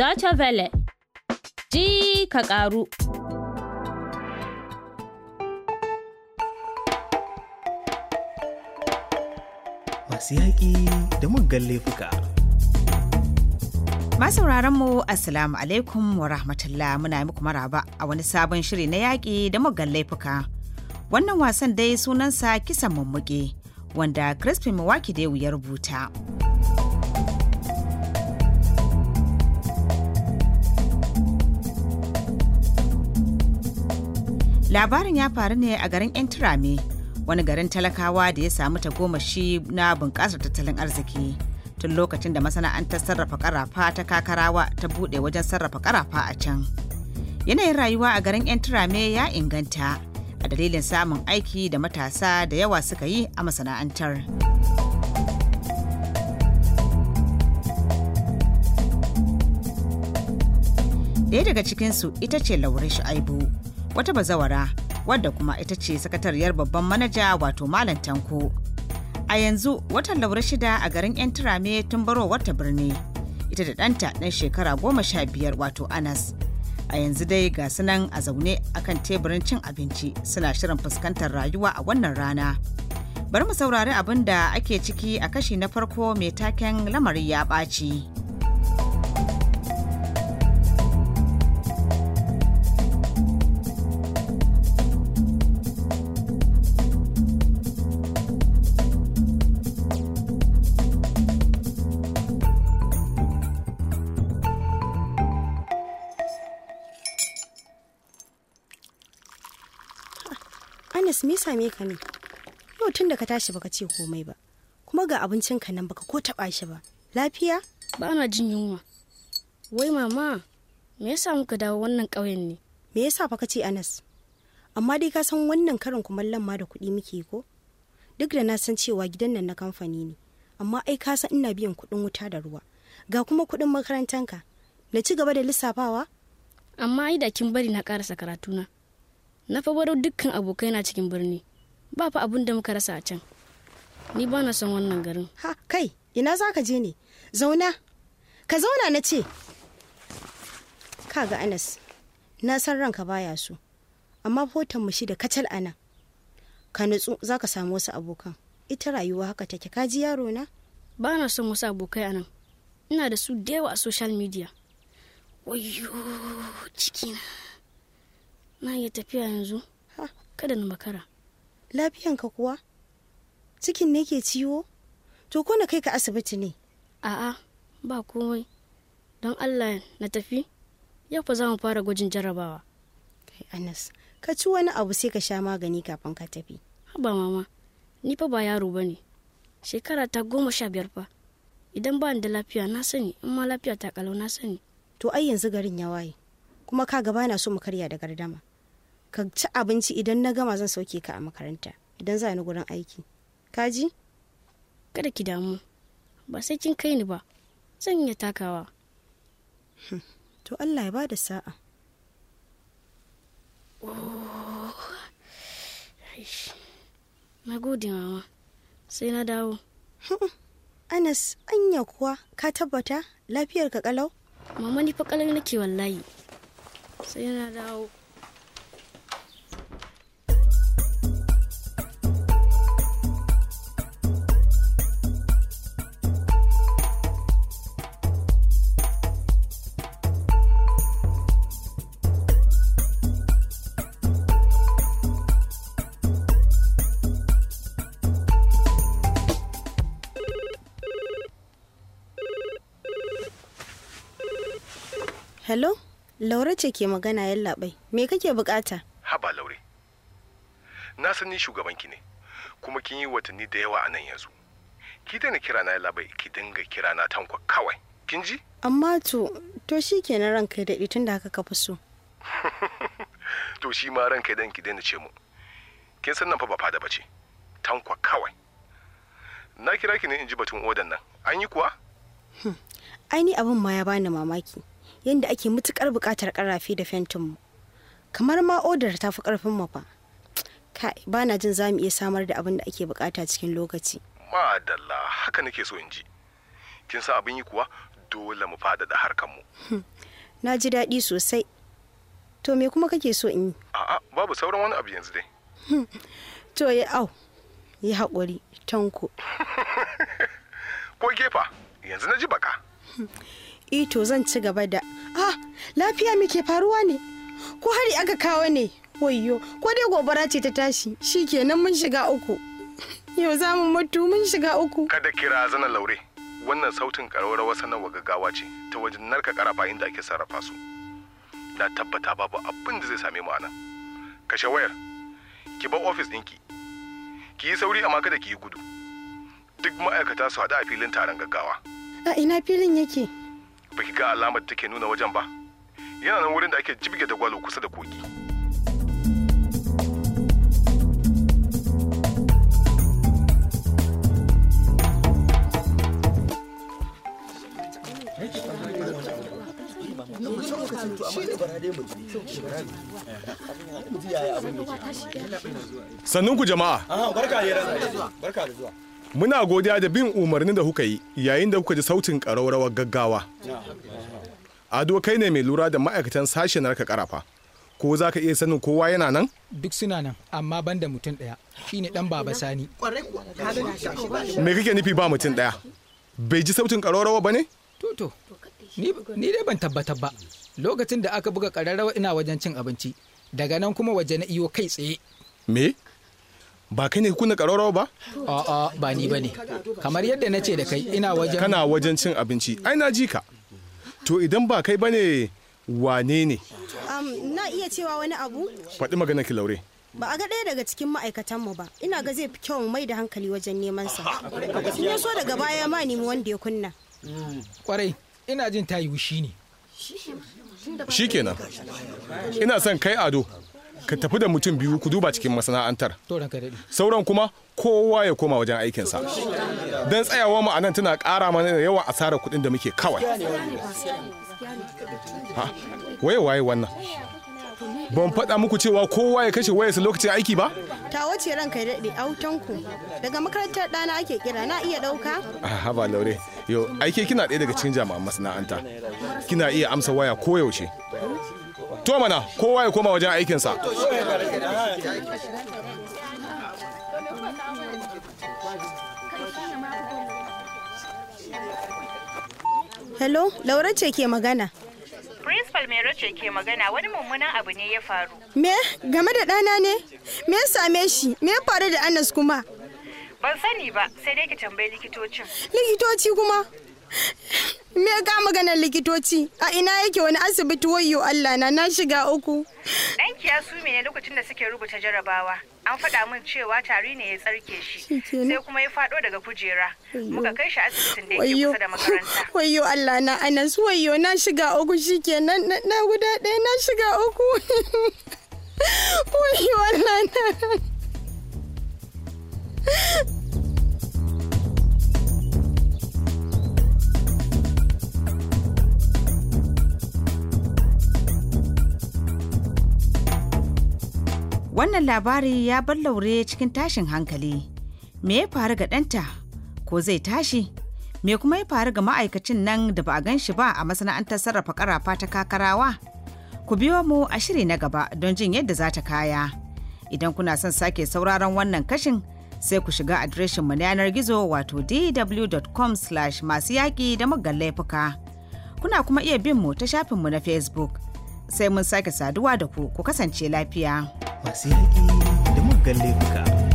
Deutsche Welle ji ka ƙaru. Masu yaƙi da muggan laifuka. Masu mu Assalamu alaikum wa rahmatullah muna muku maraba a wani sabon shiri na yaƙi da muggan laifuka. Wannan wasan dai sunansa kisan mummuke wanda Crispin Mawaki ya rubuta. labarin ya faru ne a garin entrame wani garin talakawa da ya samu tagomashi na bunƙasar tattalin arziki tun lokacin da masana'antar sarrafa ƙarafa ta kakarawa ta buɗe wajen sarrafa ƙarafa a can yanayin rayuwa a garin entrame ya inganta a dalilin samun aiki da matasa da yawa suka yi a masana'antar. Daya daga cikinsu ita ce Laure Shu'aibu, wata bazawara wadda kuma ita ce sakatariyar babban manaja wato malam tanko a yanzu watan laura shida a garin yan turame tun barowar ta birni ita da danta ɗan shekara goma sha biyar wato anas a yanzu dai ga sunan a zaune akan teburin cin abinci suna shirin fuskantar rayuwa a wannan rana bari mu saurari abin da ake ciki a kashi na farko mai taken lamari ya ɓaci. Anas me same ka ne? Yau tun da ka tashi baka ce komai ba. Kuma ga abincin ka nan baka ko taba shi ba. Lafiya? Ba na jin yunwa. Wai mama, me yasa muka dawo wannan ƙauyen ne? Me yasa fa ka ce Anas? Amma dai ka san wannan karin kumallon ma da kuɗi muke ko? Duk da na san cewa gidan nan na kamfani ne, amma ai ka san ina biyan kuɗin wuta da ruwa. Ga kuma kuɗin makarantanka. Na ci gaba da lissafawa? Amma ai da kin bari na karasa karatuna. na fa baro dukkan abokai na cikin birni ba fa abun da muka rasa a can ni ba na son wannan garin ha kai ina za ka je ne zauna ka zauna na ce kaga anas na san ranka baya so amma hoton mu shi da kacal anan ka nutsu za ka samu wasu abokan ita rayuwa haka take ka ji yaro na ba na son wasu abokai anan ina da su da yawa a social media wayo cikina na iya tafiya yanzu kada na makara lafiyanka kuwa cikin ne ke ciwo to ko na kai ka asibiti ne a'a ba komai don allah na tafi yau fa za mu fara gwajin jarrabawa kai anas ka ci wani abu sai ka sha magani kafin ka tafi haba mama ni fa ba yaro ba ne shekara ta goma sha biyar fa idan ba da lafiya na sani in ma lafiya ta kalau na sani to ai yanzu garin ya waye kuma ka gaba na so mu karya da gardama ka ci abinci idan na gama zan sauke ka a makaranta idan za ni gurin aiki kaji kada ki damu ba sai kin kai ni ba zan iya takawa hmm, to allah ya bada sa'a oh, na gode mama sai na dawo hmm, anas anya kuwa ka tabbata lafiyar ka kalau mama ni fa kalau nake wallahi sai na dawo hello laura ce ke magana labai, me kake bukata haba laure na san ni shugabanki ne kuma kin yi watanni da yawa a nan yanzu ki daina kira na labai ki dinga kira na tankwa kawai kin ji amma to to shi ke na ranka da tun da haka ka fi so to shi ma ranka dan ki daina ce mu kin san nan fa ba fada bace. Tanko tankwa kawai na kira ki ne in ji batun odan nan an yi kuwa hmm. ai ni abin ma ya bani mamaki yadda ake mutukar buƙatar karafi da fentin mu kamar ma odar ta fi karfin mu fa kai bana jin za mu iya samar da abin da ake buƙata cikin lokaci madalla haka nake so in ji kin sa abin yi kuwa dole mu fada da harkar mu hmm, na ji daɗi sosai to me kuma kake so in yi a'a babu sauran wani abu yanzu dai hmm, to ya au yi haƙuri tanko ko gefa yanzu na ji baka hmm, ito zan ci gaba da Ah, lafiya me ke faruwa ne? Ko hari aka kawo ne? Wayyo, ko dai gobara ce ta tashi, shi kenan mun shiga uku. Yau za mu mutu mun shiga uku. Kada kira zana laure. Wannan sautin ƙararrawar sanarwa gaggawa ce ta wajen narka karafa inda ake sarrafa su. Na tabbata babu abin da zai same mu anan. Kashe wayar. Ki bar ofis ɗinki. Ki yi sauri amma kada ki yi gudu. Duk ma'aikata su haɗu a filin taron gaggawa. A ina filin yake? baki ga alamar take nuna wajen ba yana nan wurin da ake jibge da gwalo kusa da kogi ku jama'a ah, barka da zuwa muna godiya da bin umarnin da kuka yi yayin da kuka ji sautin ƙararrawar gaggawa ado kai ne mai lura da ma'aikatan sashen narka karafa ko za ka iya sanin kowa yana nan duk suna nan amma ban da mutum ɗaya shine dan baba sani me kake nufi ba mutum ɗaya bai ji sautin ƙararrawa ba ne to ni dai ban tabbatar ba lokacin da aka buga ƙararrawa ina wajen cin abinci daga nan kuma waje na iyo kai tsaye me ba kai ne kuna kararrawa ba? A'a ba ni ba ne. Kamar yadda na ce da kai ina wajen. Kana wajen cin abinci, ai na ji ka. To idan ba kai ba ne wane ne? na iya cewa wani abu? Faɗi magana ki laure. Ba a ga ɗaya daga cikin ma'aikatanmu ba, ina ga zai fi kyau mai da hankali wajen neman sa. Sun ya so daga baya ma nemi wanda ya kunna. Kwarai, ina jin ta yi ne. Shi kenan, ina son kai ado. ka tafi da mutum biyu ku duba cikin masana'antar sauran kuma kowa ya koma wajen aikinsa don tsayawa mu anan tana ƙara mana da yawan asarar kuɗin da muke kawai waye waye wannan ban faɗa muku cewa kowa ya kashe wayarsa lokacin aiki ba? Ta wace ranka ya daɗe ku. daga makarantar ɗana ake kira na iya ɗauka? A ah, haba laure, yau aike kina ɗaya daga cikin jami'an masana'anta. Kina iya amsa waya koyaushe. to mana kowa ya koma wajen aikinsa hello laura ce ke magana principal mero ce ke magana wani mummunan abu ne ya faru me game da ɗana ne me ya same shi me ya faru da anas kuma ban sani ba sai dai ki tambayi likitocin likitoci kuma Me ka maganar likitoci? A ina yake wani asibiti wayyo Allah na na shiga uku. Ɗanki ya sume ne lokacin da suke rubuta jarabawa. An faɗa min cewa tari ne ya tsarke shi. Sai kuma ya faɗo daga kujera. Muka kai shi asibitin da yake kusa da makaranta. Wayyo Allah na su wayyo na shiga uku shikenan na guda ɗaya na shiga uku. Wayyo Allah na. wannan labari ya ballaure cikin tashin hankali me ya faru ga ɗanta ko zai tashi me kuma ya faru ga ma'aikacin nan da ba a gan shi ba a masana'antar sarrafa karafa ta kakarawa ku biyo mu a shiri na gaba don jin yadda za ta kaya idan kuna son sake sauraron wannan kashin sai ku shiga adireshin mu na yanar gizo wato dw.com masu yaƙi da muggan laifuka kuna kuma iya bin mu ta mu na facebook sai mun sake saduwa da ku ku kasance lafiya. masu yaƙi da muggan laifuka.